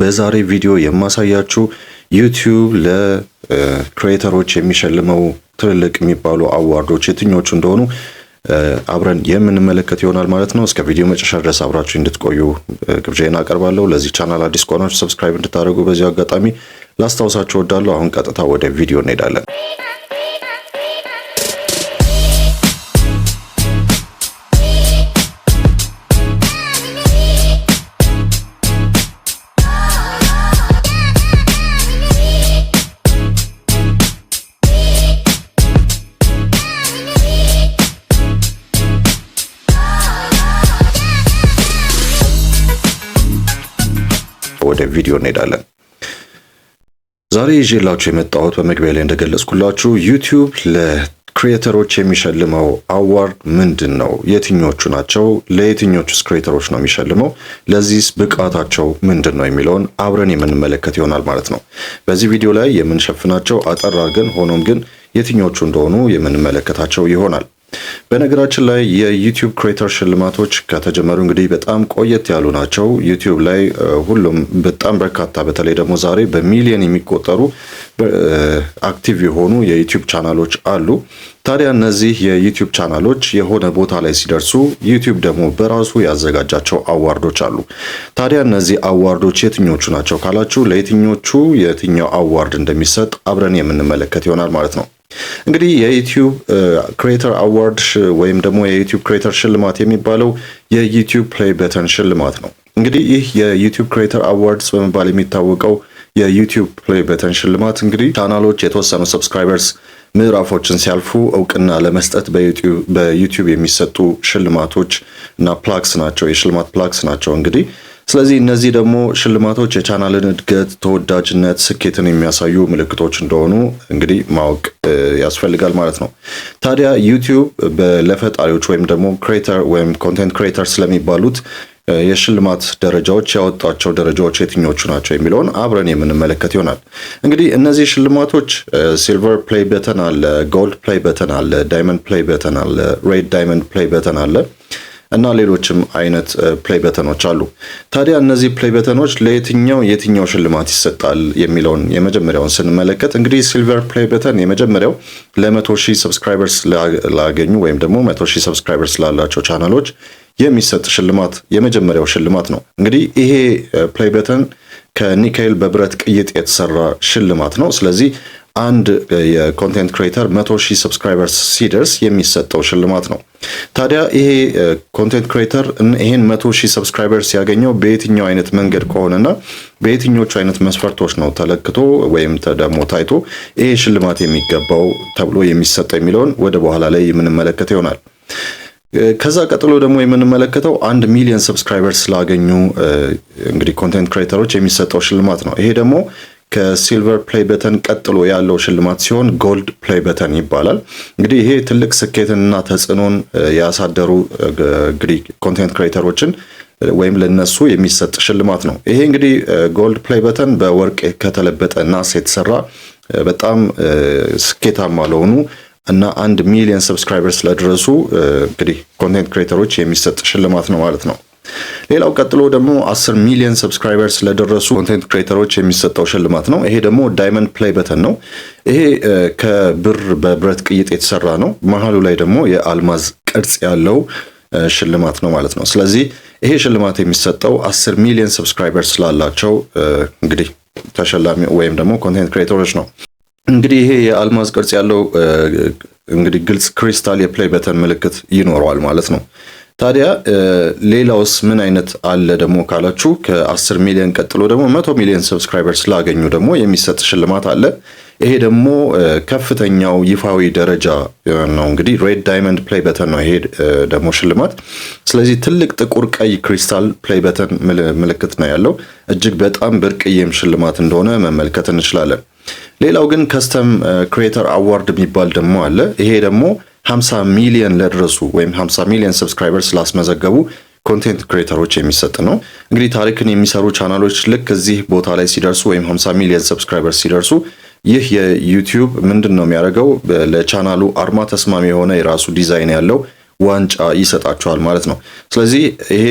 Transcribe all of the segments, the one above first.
በዛሬ ቪዲዮ የማሳያችሁ ዩቲዩብ ለክሬተሮች የሚሸልመው ትልልቅ የሚባሉ አዋርዶች የትኞቹ እንደሆኑ አብረን የምንመለከት ይሆናል ማለት ነው። እስከ ቪዲዮ መጨረሻ ድረስ አብራችሁ እንድትቆዩ ግብዣዬን አቀርባለሁ። ለዚህ ቻናል አዲስ ከሆናችሁ ሰብስክራይብ እንድታደርጉ በዚሁ አጋጣሚ ላስታውሳችሁ እወዳለሁ። አሁን ቀጥታ ወደ ቪዲዮ እንሄዳለን። ይዘን እንሄዳለን። ዛሬ ይዤላችሁ የመጣሁት በመግቢያ ላይ እንደገለጽኩላችሁ ዩቲዩብ ለክሪኤተሮች የሚሸልመው አዋርድ ምንድን ነው? የትኞቹ ናቸው? ለየትኞቹስ ክሪኤተሮች ነው የሚሸልመው? ለዚህስ ብቃታቸው ምንድን ነው የሚለውን አብረን የምንመለከት ይሆናል ማለት ነው። በዚህ ቪዲዮ ላይ የምንሸፍናቸው አጠር አድርገን ሆኖም ግን የትኞቹ እንደሆኑ የምንመለከታቸው ይሆናል። በነገራችን ላይ የዩቲዩብ ክሬተር ሽልማቶች ከተጀመሩ እንግዲህ በጣም ቆየት ያሉ ናቸው። ዩቲዩብ ላይ ሁሉም በጣም በርካታ በተለይ ደግሞ ዛሬ በሚሊዮን የሚቆጠሩ አክቲቭ የሆኑ የዩቲዩብ ቻናሎች አሉ። ታዲያ እነዚህ የዩቲዩብ ቻናሎች የሆነ ቦታ ላይ ሲደርሱ ዩቲዩብ ደግሞ በራሱ ያዘጋጃቸው አዋርዶች አሉ። ታዲያ እነዚህ አዋርዶች የትኞቹ ናቸው ካላችሁ ለየትኞቹ የትኛው አዋርድ እንደሚሰጥ አብረን የምንመለከት ይሆናል ማለት ነው። እንግዲህ የዩቲዩብ ክሬተር አዋርድ ወይም ደግሞ የዩቲዩብ ክሬተር ሽልማት የሚባለው የዩቲዩብ ፕሌይ በተን ሽልማት ነው። እንግዲህ ይህ የዩቲዩብ ክሬተር አዋርድስ በመባል የሚታወቀው የዩቲዩብ ፕሌይ በተን ሽልማት እንግዲህ ቻናሎች የተወሰኑ ሰብስክራይበርስ ምዕራፎችን ሲያልፉ እውቅና ለመስጠት በዩቲዩብ የሚሰጡ ሽልማቶች እና ፕላክስ ናቸው፣ የሽልማት ፕላክስ ናቸው እንግዲህ ስለዚህ እነዚህ ደግሞ ሽልማቶች የቻናልን እድገት፣ ተወዳጅነት፣ ስኬትን የሚያሳዩ ምልክቶች እንደሆኑ እንግዲህ ማወቅ ያስፈልጋል ማለት ነው። ታዲያ ዩቲዩብ ለፈጣሪዎች ወይም ደግሞ ክሬተር ወይም ኮንቴንት ክሬተር ስለሚባሉት የሽልማት ደረጃዎች ያወጣቸው ደረጃዎች የትኞቹ ናቸው የሚለውን አብረን የምንመለከት ይሆናል። እንግዲህ እነዚህ ሽልማቶች ሲልቨር ፕሌይ በተን አለ፣ ጎልድ ፕሌይ በተን አለ፣ ዳይመንድ ፕሌይ በተን አለ፣ ሬድ ዳይመንድ ፕሌይ በተን አለ እና ሌሎችም አይነት ፕሌይ በተኖች አሉ። ታዲያ እነዚህ ፕሌይ በተኖች ለየትኛው የትኛው ሽልማት ይሰጣል የሚለውን የመጀመሪያውን ስንመለከት እንግዲህ ሲልቨር ፕሌይ በተን የመጀመሪያው ለመቶ ሺህ ሰብስክራይበርስ ላገኙ ወይም ደግሞ መቶ ሺህ ሰብስክራይበርስ ላላቸው ቻናሎች የሚሰጥ ሽልማት የመጀመሪያው ሽልማት ነው። እንግዲህ ይሄ ፕሌይ በተን ከኒካኤል በብረት ቅይጥ የተሰራ ሽልማት ነው። ስለዚህ አንድ የኮንቴንት ክሬተር መቶ ሺህ ሰብስክራይበርስ ሲደርስ የሚሰጠው ሽልማት ነው። ታዲያ ይሄ ኮንቴንት ክሬተር ይሄን መቶ ሺህ ሰብስክራይበርስ ያገኘው በየትኛው አይነት መንገድ ከሆነና በየትኞቹ አይነት መስፈርቶች ነው ተለክቶ ወይም ደግሞ ታይቶ ይሄ ሽልማት የሚገባው ተብሎ የሚሰጠው የሚለውን ወደ በኋላ ላይ የምንመለከት ይሆናል። ከዛ ቀጥሎ ደግሞ የምንመለከተው አንድ ሚሊዮን ሰብስክራይበርስ ስላገኙ እንግዲህ ኮንቴንት ክሬተሮች የሚሰጠው ሽልማት ነው። ይሄ ደግሞ ከሲልቨር ፕሌይ በተን ቀጥሎ ያለው ሽልማት ሲሆን ጎልድ ፕሌይ በተን ይባላል። እንግዲህ ይሄ ትልቅ ስኬትንና ተጽዕኖን ያሳደሩ እንግዲህ ኮንቴንት ክሬተሮችን ወይም ለነሱ የሚሰጥ ሽልማት ነው። ይሄ እንግዲህ ጎልድ ፕሌይ በተን በወርቅ ከተለበጠ ናስ የተሰራ በጣም ስኬታማ ለሆኑ እና አንድ ሚሊዮን ሰብስክራይበርስ ለደረሱ እንግዲህ ኮንቴንት ክሬተሮች የሚሰጥ ሽልማት ነው ማለት ነው። ሌላው ቀጥሎ ደግሞ 10 ሚሊዮን ሰብስክራይበርስ ለደረሱ ኮንቴንት ክሬተሮች የሚሰጠው ሽልማት ነው። ይሄ ደግሞ ዳይመንድ ፕሌይ በተን ነው። ይሄ ከብር በብረት ቅይጥ የተሰራ ነው። መሀሉ ላይ ደግሞ የአልማዝ ቅርጽ ያለው ሽልማት ነው ማለት ነው። ስለዚህ ይሄ ሽልማት የሚሰጠው 10 ሚሊዮን ሰብስክራይበርስ ስላላቸው እንግዲህ ተሸላሚ ወይም ደግሞ ኮንቴንት ክሬተሮች ነው። እንግዲህ ይሄ የአልማዝ ቅርጽ ያለው እንግዲህ ግልጽ ክሪስታል የፕሌይ በተን ምልክት ይኖረዋል ማለት ነው። ታዲያ ሌላውስ ምን አይነት አለ ደግሞ ካላችሁ ከ10 ሚሊዮን ቀጥሎ ደግሞ 100 ሚሊዮን ሰብስክራይበር ስላገኙ ደግሞ የሚሰጥ ሽልማት አለ። ይሄ ደግሞ ከፍተኛው ይፋዊ ደረጃ ነው። እንግዲህ ሬድ ዳይመንድ ፕሌይ በተን ነው ይሄ ደግሞ ሽልማት። ስለዚህ ትልቅ ጥቁር ቀይ ክሪስታል ፕሌይ በተን ምልክት ነው ያለው። እጅግ በጣም ብርቅዬም ሽልማት እንደሆነ መመልከት እንችላለን። ሌላው ግን ከስተም ክሬተር አዋርድ የሚባል ደግሞ አለ። ይሄ ደግሞ 50 ሚሊዮን ለደረሱ ወይም 50 ሚሊዮን ሰብስክራይበርስ ስላስመዘገቡ ኮንቴንት ክሬተሮች የሚሰጥ ነው። እንግዲህ ታሪክን የሚሰሩ ቻናሎች ልክ እዚህ ቦታ ላይ ሲደርሱ ወይም 50 ሚሊዮን ሰብስክራይበርስ ሲደርሱ ይህ የዩቲዩብ ምንድን ነው የሚያደርገው? ለቻናሉ አርማ ተስማሚ የሆነ የራሱ ዲዛይን ያለው ዋንጫ ይሰጣቸዋል ማለት ነው። ስለዚህ ይሄ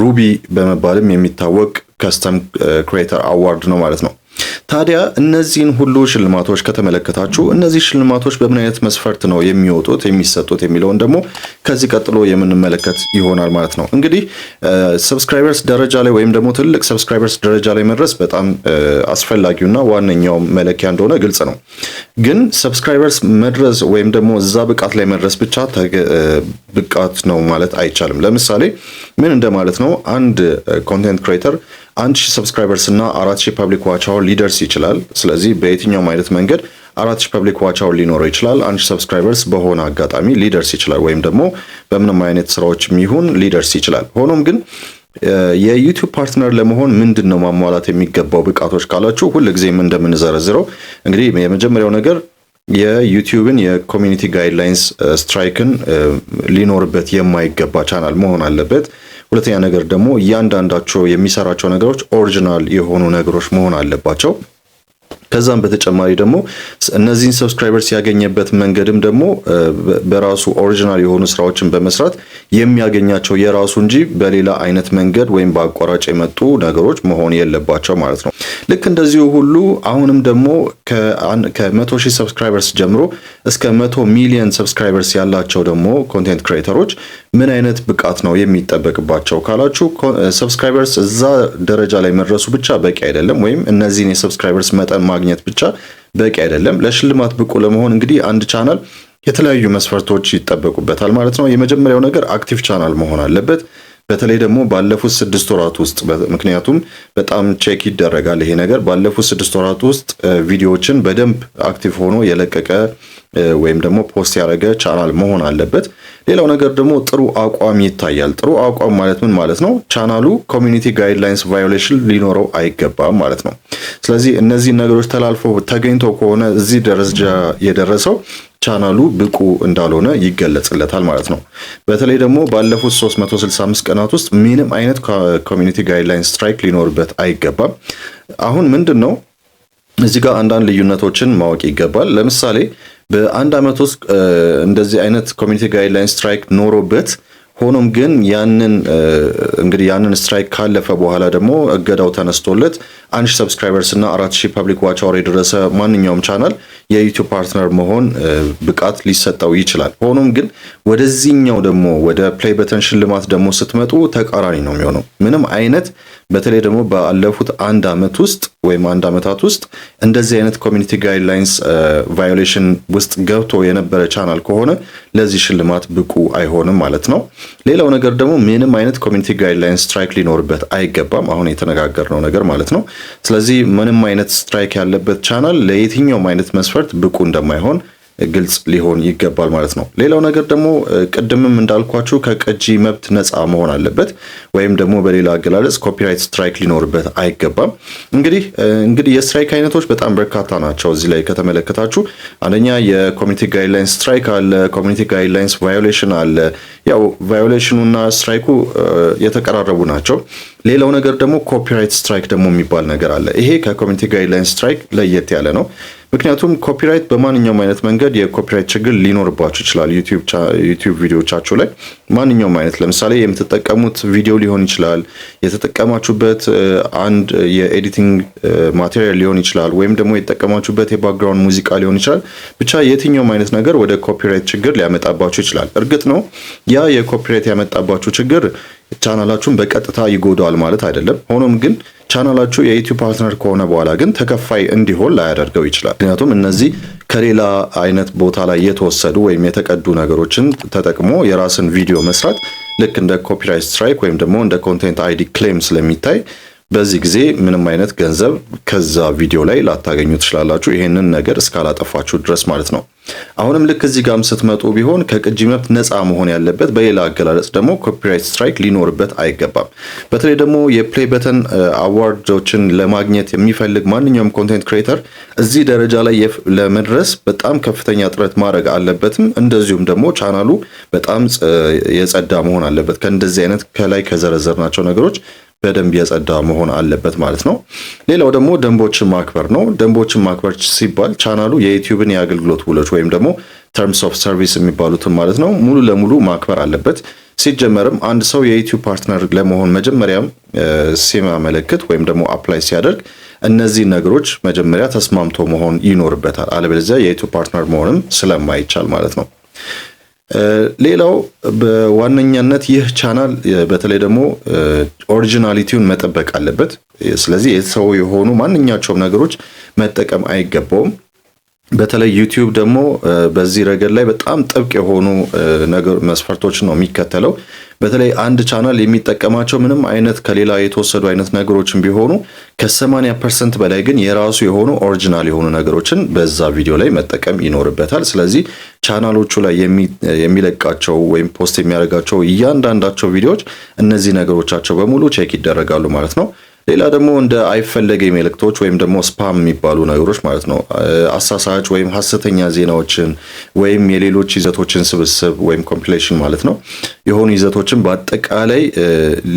ሩቢ በመባልም የሚታወቅ ከስተም ክሬተር አዋርድ ነው ማለት ነው። ታዲያ እነዚህን ሁሉ ሽልማቶች ከተመለከታችሁ እነዚህ ሽልማቶች በምን አይነት መስፈርት ነው የሚወጡት የሚሰጡት የሚለውን ደግሞ ከዚህ ቀጥሎ የምንመለከት ይሆናል ማለት ነው። እንግዲህ ሰብስክራይበርስ ደረጃ ላይ ወይም ደግሞ ትልቅ ሰብስክራይበርስ ደረጃ ላይ መድረስ በጣም አስፈላጊውና ዋነኛው መለኪያ እንደሆነ ግልጽ ነው። ግን ሰብስክራይበርስ መድረስ ወይም ደግሞ እዛ ብቃት ላይ መድረስ ብቻ ብቃት ነው ማለት አይቻልም። ለምሳሌ ምን እንደማለት ነው? አንድ ኮንቴንት ክሬተር አንድ ሺህ ሰብስክራይበርስ እና አራት ሺህ ፐብሊክ ዋቻውን ሊደርስ ይችላል። ስለዚህ በየትኛውም አይነት መንገድ አራት ሺህ ፐብሊክ ዋቻውን ሊኖረው ይችላል። አንድ ሺህ ሰብስክራይበርስ በሆነ አጋጣሚ ሊደርስ ይችላል፣ ወይም ደግሞ በምንም አይነት ስራዎች ይሁን ሊደርስ ይችላል። ሆኖም ግን የዩቲዩብ ፓርትነር ለመሆን ምንድን ነው ማሟላት የሚገባው ብቃቶች ካላችሁ ሁልጊዜም እንደምንዘረዝረው እንግዲህ የመጀመሪያው ነገር የዩቲዩብን የኮሚኒቲ ጋይድላይንስ ስትራይክን ሊኖርበት የማይገባ ቻናል መሆን አለበት። ሁለተኛ ነገር ደግሞ እያንዳንዳቸው የሚሰራቸው ነገሮች ኦሪጂናል የሆኑ ነገሮች መሆን አለባቸው። ከዛም በተጨማሪ ደግሞ እነዚህን ሰብስክራይበርስ ያገኘበት መንገድም ደግሞ በራሱ ኦሪጂናል የሆኑ ስራዎችን በመስራት የሚያገኛቸው የራሱ እንጂ በሌላ አይነት መንገድ ወይም በአቋራጭ የመጡ ነገሮች መሆን የለባቸው ማለት ነው። ልክ እንደዚሁ ሁሉ አሁንም ደግሞ ከመቶ ሺህ ሰብስክራይበርስ ጀምሮ እስከ መቶ ሚሊዮን ሰብስክራይበርስ ያላቸው ደግሞ ኮንቴንት ክሬተሮች ምን አይነት ብቃት ነው የሚጠበቅባቸው ካላችሁ ሰብስክራይበርስ እዛ ደረጃ ላይ መድረሱ ብቻ በቂ አይደለም። ወይም እነዚህን የሰብስክራይበርስ መጠን ማግኘት ብቻ በቂ አይደለም። ለሽልማት ብቁ ለመሆን እንግዲህ አንድ ቻናል የተለያዩ መስፈርቶች ይጠበቁበታል ማለት ነው። የመጀመሪያው ነገር አክቲቭ ቻናል መሆን አለበት። በተለይ ደግሞ ባለፉት ስድስት ወራት ውስጥ ምክንያቱም በጣም ቼክ ይደረጋል ይሄ ነገር። ባለፉት ስድስት ወራት ውስጥ ቪዲዮዎችን በደንብ አክቲቭ ሆኖ የለቀቀ ወይም ደግሞ ፖስት ያደረገ ቻናል መሆን አለበት። ሌላው ነገር ደግሞ ጥሩ አቋም ይታያል። ጥሩ አቋም ማለት ምን ማለት ነው? ቻናሉ ኮሚኒቲ ጋይድላይንስ ቫዮሌሽን ሊኖረው አይገባም ማለት ነው። ስለዚህ እነዚህ ነገሮች ተላልፎ ተገኝቶ ከሆነ እዚህ ደረጃ የደረሰው ቻናሉ ብቁ እንዳልሆነ ይገለጽለታል ማለት ነው። በተለይ ደግሞ ባለፉት 365 ቀናት ውስጥ ምንም አይነት ኮሚኒቲ ጋይድላይንስ ስትራይክ ሊኖርበት አይገባም። አሁን ምንድን ነው እዚህ ጋር አንዳንድ ልዩነቶችን ማወቅ ይገባል። ለምሳሌ በአንድ ዓመት ውስጥ እንደዚህ አይነት ኮሚኒቲ ጋይድላይን ስትራይክ ኖሮበት ሆኖም ግን ያንን እንግዲህ ያንን ስትራይክ ካለፈ በኋላ ደግሞ እገዳው ተነስቶለት አንድ ሺ ሰብስክራይበርስ እና አራት ሺህ ፐብሊክ ዋች አወር የደረሰ ማንኛውም ቻናል የዩቱብ ፓርትነር መሆን ብቃት ሊሰጠው ይችላል። ሆኖም ግን ወደዚህኛው ደግሞ ወደ ፕሌይ በተን ሽልማት ደግሞ ስትመጡ ተቃራኒ ነው የሚሆነው። ምንም አይነት በተለይ ደግሞ ባለፉት አንድ ዓመት ውስጥ ወይም አንድ ዓመታት ውስጥ እንደዚህ አይነት ኮሚኒቲ ጋይድላይንስ ቫዮሌሽን ውስጥ ገብቶ የነበረ ቻናል ከሆነ ለዚህ ሽልማት ብቁ አይሆንም ማለት ነው። ሌላው ነገር ደግሞ ምንም አይነት ኮሚኒቲ ጋይድላይንስ ስትራይክ ሊኖርበት አይገባም፣ አሁን የተነጋገርነው ነገር ማለት ነው። ስለዚህ ምንም አይነት ስትራይክ ያለበት ቻናል ለየትኛውም አይነት መስፈርት ብቁ እንደማይሆን ግልጽ ሊሆን ይገባል ማለት ነው። ሌላው ነገር ደግሞ ቅድምም እንዳልኳችሁ ከቅጂ መብት ነፃ መሆን አለበት ወይም ደግሞ በሌላ አገላለጽ ኮፒራይት ስትራይክ ሊኖርበት አይገባም። እንግዲህ እንግዲህ የስትራይክ አይነቶች በጣም በርካታ ናቸው። እዚህ ላይ ከተመለከታችሁ አንደኛ የኮሚኒቲ ጋይድላይንስ ስትራይክ አለ፣ ኮሚኒቲ ጋይድላይንስ ቫዮሌሽን አለ። ያው ቫዮሌሽኑ እና ስትራይኩ የተቀራረቡ ናቸው። ሌላው ነገር ደግሞ ኮፒራይት ስትራይክ ደግሞ የሚባል ነገር አለ። ይሄ ከኮሚኒቲ ጋይድላይንስ ስትራይክ ለየት ያለ ነው። ምክንያቱም ኮፒራይት በማንኛውም አይነት መንገድ የኮፒራይት ችግር ሊኖርባቸው ይችላል። ዩቲዩብ ቪዲዮቻቸው ላይ ማንኛውም አይነት ለምሳሌ የምትጠቀሙት ቪዲዮ ሊሆን ይችላል፣ የተጠቀማችሁበት አንድ የኤዲቲንግ ማቴሪያል ሊሆን ይችላል፣ ወይም ደግሞ የተጠቀማችሁበት የባክግራውንድ ሙዚቃ ሊሆን ይችላል። ብቻ የትኛውም አይነት ነገር ወደ ኮፒራይት ችግር ሊያመጣባቸው ይችላል። እርግጥ ነው ያ የኮፒራይት ያመጣባቸው ችግር ቻናላችሁን በቀጥታ ይጎዳዋል ማለት አይደለም። ሆኖም ግን ቻናላችሁ የዩቲዩብ ፓርትነር ከሆነ በኋላ ግን ተከፋይ እንዲሆን ላያደርገው ይችላል። ምክንያቱም እነዚህ ከሌላ አይነት ቦታ ላይ የተወሰዱ ወይም የተቀዱ ነገሮችን ተጠቅሞ የራስን ቪዲዮ መስራት ልክ እንደ ኮፒራይት ስትራይክ ወይም ደግሞ እንደ ኮንቴንት አይዲ ክሌም ስለሚታይ በዚህ ጊዜ ምንም አይነት ገንዘብ ከዛ ቪዲዮ ላይ ላታገኙ ትችላላችሁ፣ ይሄንን ነገር እስካላጠፋችሁ ድረስ ማለት ነው። አሁንም ልክ እዚህ ጋም ስትመጡ ቢሆን ከቅጂ መብት ነፃ መሆን ያለበት፣ በሌላ አገላለጽ ደግሞ ኮፒራይት ስትራይክ ሊኖርበት አይገባም። በተለይ ደግሞ የፕሌይ በተን አዋርዶችን ለማግኘት የሚፈልግ ማንኛውም ኮንቴንት ክሬተር እዚህ ደረጃ ላይ ለመድረስ በጣም ከፍተኛ ጥረት ማድረግ አለበትም። እንደዚሁም ደግሞ ቻናሉ በጣም የጸዳ መሆን አለበት ከእንደዚህ አይነት ከላይ ከዘረዘርናቸው ነገሮች በደንብ የጸዳ መሆን አለበት ማለት ነው። ሌላው ደግሞ ደንቦችን ማክበር ነው። ደንቦችን ማክበር ሲባል ቻናሉ የዩቲዩብን የአገልግሎት ውሎች ወይም ደግሞ ተርምስ ኦፍ ሰርቪስ የሚባሉትን ማለት ነው ሙሉ ለሙሉ ማክበር አለበት። ሲጀመርም አንድ ሰው የዩቲዩብ ፓርትነር ለመሆን መጀመሪያም ሲያመለክት ወይም ደግሞ አፕላይ ሲያደርግ እነዚህ ነገሮች መጀመሪያ ተስማምቶ መሆን ይኖርበታል። አለበለዚያ የዩቲዩብ ፓርትነር መሆንም ስለማይቻል ማለት ነው። ሌላው በዋነኛነት ይህ ቻናል በተለይ ደግሞ ኦሪጂናሊቲውን መጠበቅ አለበት። ስለዚህ የሰው የሆኑ ማንኛቸውም ነገሮች መጠቀም አይገባውም። በተለይ ዩቲዩብ ደግሞ በዚህ ረገድ ላይ በጣም ጥብቅ የሆኑ መስፈርቶች ነው የሚከተለው። በተለይ አንድ ቻናል የሚጠቀማቸው ምንም አይነት ከሌላ የተወሰዱ አይነት ነገሮችን ቢሆኑ ከ80 ፐርሰንት በላይ ግን የራሱ የሆኑ ኦሪጂናል የሆኑ ነገሮችን በዛ ቪዲዮ ላይ መጠቀም ይኖርበታል። ስለዚህ ቻናሎቹ ላይ የሚለቃቸው ወይም ፖስት የሚያደርጋቸው እያንዳንዳቸው ቪዲዮዎች እነዚህ ነገሮቻቸው በሙሉ ቼክ ይደረጋሉ ማለት ነው። ሌላ ደግሞ እንደ አይፈለገ መልእክቶች ወይም ደግሞ ስፓም የሚባሉ ነገሮች ማለት ነው። አሳሳች ወይም ሀሰተኛ ዜናዎችን ወይም የሌሎች ይዘቶችን ስብስብ ወይም ኮምፕሌሽን ማለት ነው የሆኑ ይዘቶችን በአጠቃላይ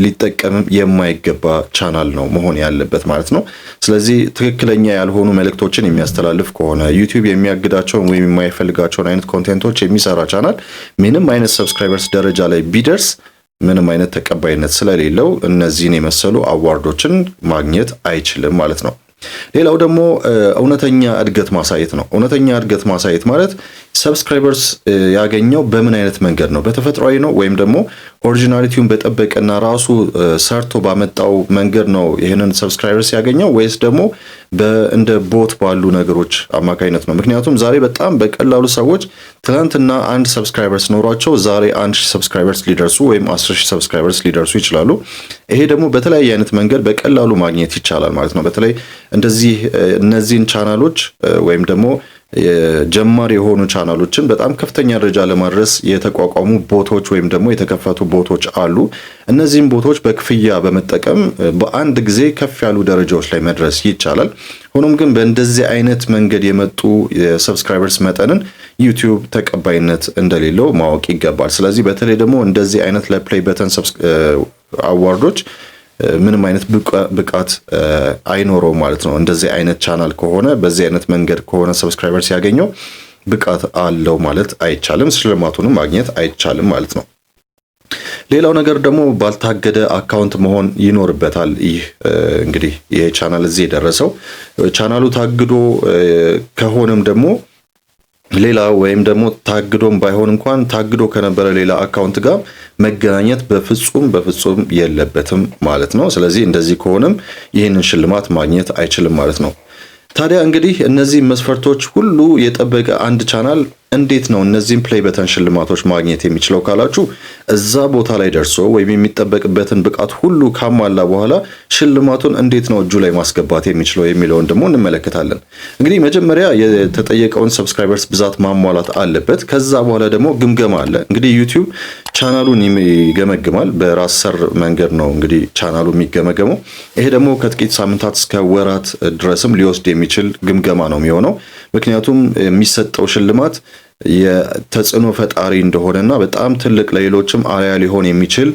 ሊጠቀም የማይገባ ቻናል ነው መሆን ያለበት ማለት ነው። ስለዚህ ትክክለኛ ያልሆኑ መልእክቶችን የሚያስተላልፍ ከሆነ ዩቲዩብ የሚያግዳቸውን ወይም የማይፈልጋቸውን አይነት ኮንቴንቶች የሚሰራ ቻናል ምንም አይነት ሰብስክራይበርስ ደረጃ ላይ ቢደርስ ምንም አይነት ተቀባይነት ስለሌለው እነዚህን የመሰሉ አዋርዶችን ማግኘት አይችልም ማለት ነው። ሌላው ደግሞ እውነተኛ እድገት ማሳየት ነው። እውነተኛ እድገት ማሳየት ማለት ሰብስክራይበርስ ያገኘው በምን አይነት መንገድ ነው? በተፈጥሯዊ ነው ወይም ደግሞ ኦሪጂናሊቲውን በጠበቀና ራሱ ሰርቶ ባመጣው መንገድ ነው ይህንን ሰብስክራይበርስ ያገኘው ወይስ ደግሞ እንደ ቦት ባሉ ነገሮች አማካኝነት ነው? ምክንያቱም ዛሬ በጣም በቀላሉ ሰዎች ትናንትና አንድ ሰብስክራይበርስ ኖሯቸው ዛሬ አንድ ሺህ ሰብስክራይበርስ ሊደርሱ ወይም አስር ሺህ ሰብስክራይበርስ ሊደርሱ ይችላሉ። ይሄ ደግሞ በተለያየ አይነት መንገድ በቀላሉ ማግኘት ይቻላል ማለት ነው። በተለይ እንደዚህ እነዚህን ቻናሎች ወይም ደግሞ ጀማሪ የሆኑ ቻናሎችን በጣም ከፍተኛ ደረጃ ለማድረስ የተቋቋሙ ቦቶች ወይም ደግሞ የተከፈቱ ቦቶች አሉ። እነዚህም ቦቶች በክፍያ በመጠቀም በአንድ ጊዜ ከፍ ያሉ ደረጃዎች ላይ መድረስ ይቻላል። ሆኖም ግን በእንደዚህ አይነት መንገድ የመጡ የሰብስክራይበርስ መጠንን ዩቲዩብ ተቀባይነት እንደሌለው ማወቅ ይገባል። ስለዚህ በተለይ ደግሞ እንደዚህ አይነት ለፕሌይ በተን አዋርዶች ምንም አይነት ብቃት አይኖረው ማለት ነው። እንደዚህ አይነት ቻናል ከሆነ በዚህ አይነት መንገድ ከሆነ ሰብስክራይበር ሲያገኘው ብቃት አለው ማለት አይቻልም። ሽልማቱንም ማግኘት አይቻልም ማለት ነው። ሌላው ነገር ደግሞ ባልታገደ አካውንት መሆን ይኖርበታል። ይህ እንግዲህ ይሄ ቻናል እዚህ የደረሰው ቻናሉ ታግዶ ከሆነም ደግሞ ሌላ ወይም ደግሞ ታግዶም ባይሆን እንኳን ታግዶ ከነበረ ሌላ አካውንት ጋር መገናኘት በፍጹም በፍጹም የለበትም ማለት ነው። ስለዚህ እንደዚህ ከሆነም ይህንን ሽልማት ማግኘት አይችልም ማለት ነው። ታዲያ እንግዲህ እነዚህ መስፈርቶች ሁሉ የጠበቀ አንድ ቻናል እንዴት ነው እነዚህን ፕሌይ በተን ሽልማቶች ማግኘት የሚችለው ካላችሁ እዛ ቦታ ላይ ደርሶ ወይም የሚጠበቅበትን ብቃት ሁሉ ካሟላ በኋላ ሽልማቱን እንዴት ነው እጁ ላይ ማስገባት የሚችለው የሚለውን ደግሞ እንመለከታለን። እንግዲህ መጀመሪያ የተጠየቀውን ሰብስክራይበርስ ብዛት ማሟላት አለበት። ከዛ በኋላ ደግሞ ግምገማ አለ። እንግዲህ ዩቲዩብ ቻናሉን ይገመግማል። በራስ ሰር መንገድ ነው እንግዲህ ቻናሉ የሚገመገመው። ይሄ ደግሞ ከጥቂት ሳምንታት እስከ ወራት ድረስም ሊወስድ የሚችል ግምገማ ነው የሚሆነው ምክንያቱም የሚሰጠው ሽልማት የተጽዕኖ ፈጣሪ እንደሆነና በጣም ትልቅ ለሌሎችም አርያ ሊሆን የሚችል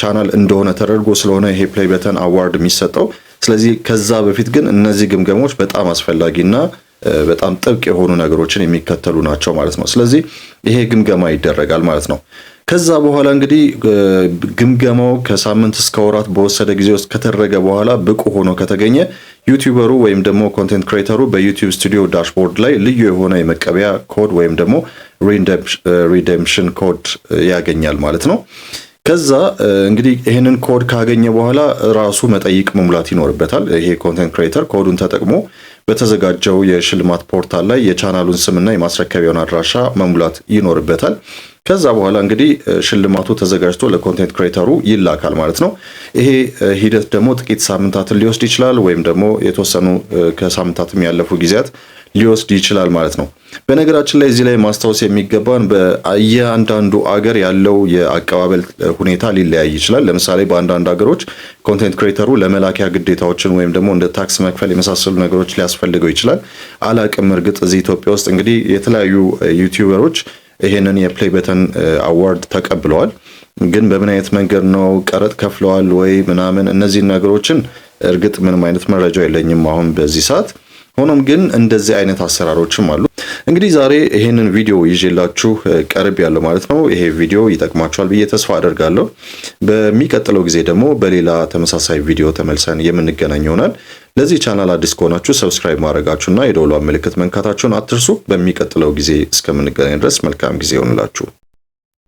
ቻናል እንደሆነ ተደርጎ ስለሆነ ይሄ ፕሌይ በተን አዋርድ የሚሰጠው። ስለዚህ ከዛ በፊት ግን እነዚህ ግምገሞች በጣም አስፈላጊና በጣም ጥብቅ የሆኑ ነገሮችን የሚከተሉ ናቸው ማለት ነው። ስለዚህ ይሄ ግምገማ ይደረጋል ማለት ነው። ከዛ በኋላ እንግዲህ ግምገማው ከሳምንት እስከ ወራት በወሰደ ጊዜ ውስጥ ከተደረገ በኋላ ብቁ ሆኖ ከተገኘ ዩቲዩበሩ ወይም ደግሞ ኮንቴንት ክሬተሩ በዩቲዩብ ስቱዲዮ ዳሽቦርድ ላይ ልዩ የሆነ የመቀበያ ኮድ ወይም ደግሞ ሪደምፕሽን ኮድ ያገኛል ማለት ነው። ከዛ እንግዲህ ይህንን ኮድ ካገኘ በኋላ ራሱ መጠይቅ መሙላት ይኖርበታል። ይሄ ኮንቴንት ክሬተር ኮዱን ተጠቅሞ በተዘጋጀው የሽልማት ፖርታል ላይ የቻናሉን ስምና የማስረከቢያውን አድራሻ መሙላት ይኖርበታል። ከዛ በኋላ እንግዲህ ሽልማቱ ተዘጋጅቶ ለኮንቴንት ክሬተሩ ይላካል ማለት ነው። ይሄ ሂደት ደግሞ ጥቂት ሳምንታትን ሊወስድ ይችላል፣ ወይም ደግሞ የተወሰኑ ከሳምንታትም ያለፉ ጊዜያት ሊወስድ ይችላል ማለት ነው። በነገራችን ላይ እዚህ ላይ ማስታወስ የሚገባን በየአንዳንዱ አገር ያለው የአቀባበል ሁኔታ ሊለያይ ይችላል። ለምሳሌ በአንዳንድ አገሮች ኮንቴንት ክሬተሩ ለመላኪያ ግዴታዎችን ወይም ደግሞ እንደ ታክስ መክፈል የመሳሰሉ ነገሮች ሊያስፈልገው ይችላል። አላቅም እርግጥ እዚህ ኢትዮጵያ ውስጥ እንግዲህ የተለያዩ ዩቲዩበሮች ይሄንን የፕሌይ በተን አዋርድ ተቀብለዋል። ግን በምን አይነት መንገድ ነው ቀረጥ ከፍለዋል ወይ ምናምን እነዚህን ነገሮችን እርግጥ ምንም አይነት መረጃ የለኝም አሁን በዚህ ሰዓት ሆኖም ግን እንደዚህ አይነት አሰራሮችም አሉ። እንግዲህ ዛሬ ይህንን ቪዲዮ ይዤላችሁ ቀርብ ያለው ማለት ነው። ይሄ ቪዲዮ ይጠቅማችኋል ብዬ ተስፋ አደርጋለሁ። በሚቀጥለው ጊዜ ደግሞ በሌላ ተመሳሳይ ቪዲዮ ተመልሰን የምንገናኝ ይሆናል። ለዚህ ቻናል አዲስ ከሆናችሁ ሰብስክራይብ ማድረጋችሁና የደወሏን ምልክት መንካታችሁን አትርሱ። በሚቀጥለው ጊዜ እስከምንገናኝ ድረስ መልካም ጊዜ ይሆንላችሁ።